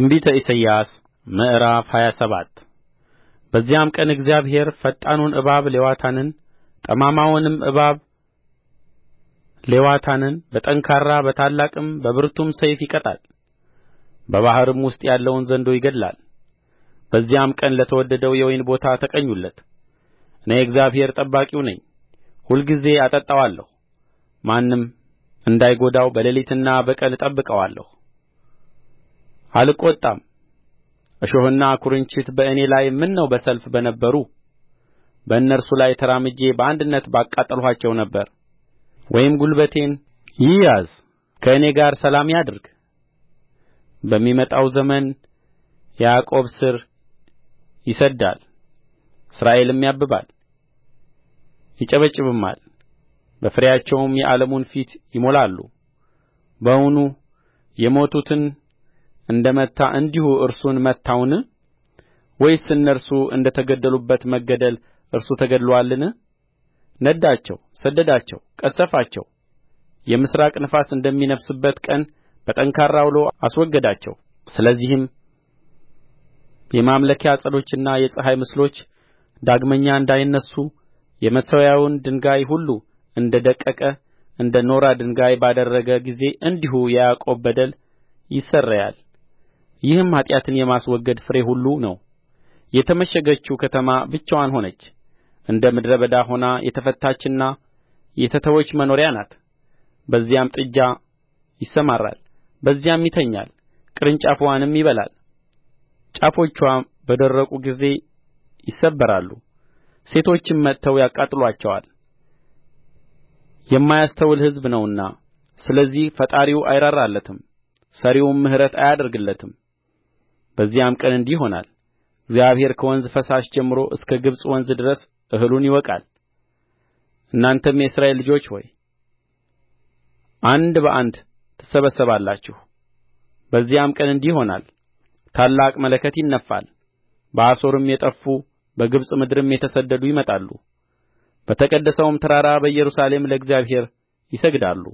ትንቢተ ኢሳይያስ ምዕራፍ ሃያ ሰባት በዚያም ቀን እግዚአብሔር ፈጣኑን እባብ ሌዋታንን ጠማማውንም እባብ ሌዋታንን በጠንካራ በታላቅም በብርቱም ሰይፍ ይቀጣል በባሕርም ውስጥ ያለውን ዘንዶ ይገድላል በዚያም ቀን ለተወደደው የወይን ቦታ ተቀኙለት እኔ እግዚአብሔር ጠባቂው ነኝ ሁልጊዜ አጠጣዋለሁ ማንም እንዳይጐዳው በሌሊትና በቀን እጠብቀዋለሁ አልቈጣም እሾህና ኵርንችት በእኔ ላይ ምነው በሰልፍ በነበሩ በእነርሱ ላይ ተራምጄ በአንድነት ባቃጠልኋቸው ነበር ወይም ጕልበቴን ይያዝ ከእኔ ጋር ሰላም ያድርግ በሚመጣው ዘመን የያዕቆብ ሥር ይሰድዳል እስራኤልም ያብባል ይጨበጭብማል በፍሬያቸውም የዓለሙን ፊት ይሞላሉ በውኑ የሞቱትን እንደ መታ እንዲሁ እርሱን መታውን ወይስ እነርሱ እንደ ተገደሉበት መገደል እርሱ ተገድሎአልን ነዳቸው ሰደዳቸው ቀሠፋቸው የምሥራቅ ነፋስ እንደሚነፍስበት ቀን በጠንካራ ዐውሎ አስወገዳቸው ስለዚህም የማምለኪያ ዐፀዶችና የፀሐይ ምስሎች ዳግመኛ እንዳይነሡ የመሠዊያውን ድንጋይ ሁሉ እንደ ደቀቀ እንደ ኖራ ድንጋይ ባደረገ ጊዜ እንዲሁ የያዕቆብ በደል ይሰረያል ይህም ኃጢአትን የማስወገድ ፍሬ ሁሉ ነው የተመሸገችው ከተማ ብቻዋን ሆነች እንደ ምድረ በዳ ሆና የተፈታችና የተተወች መኖሪያ ናት በዚያም ጥጃ ይሰማራል በዚያም ይተኛል ቅርንጫፍዋንም ይበላል ጫፎችዋ በደረቁ ጊዜ ይሰበራሉ ሴቶችም መጥተው ያቃጥሉአቸዋል የማያስተውል ሕዝብ ነውና ስለዚህ ፈጣሪው አይራራለትም ሠሪውም ምሕረት አያደርግለትም በዚያም ቀን እንዲህ ይሆናል እግዚአብሔር ከወንዝ ፈሳሽ ጀምሮ እስከ ግብጽ ወንዝ ድረስ እህሉን ይወቃል እናንተም የእስራኤል ልጆች ሆይ አንድ በአንድ ትሰበሰባላችሁ በዚያም ቀን እንዲህ ይሆናል ታላቅ መለከት ይነፋል በአሦርም የጠፉ በግብጽ ምድርም የተሰደዱ ይመጣሉ በተቀደሰውም ተራራ በኢየሩሳሌም ለእግዚአብሔር ይሰግዳሉ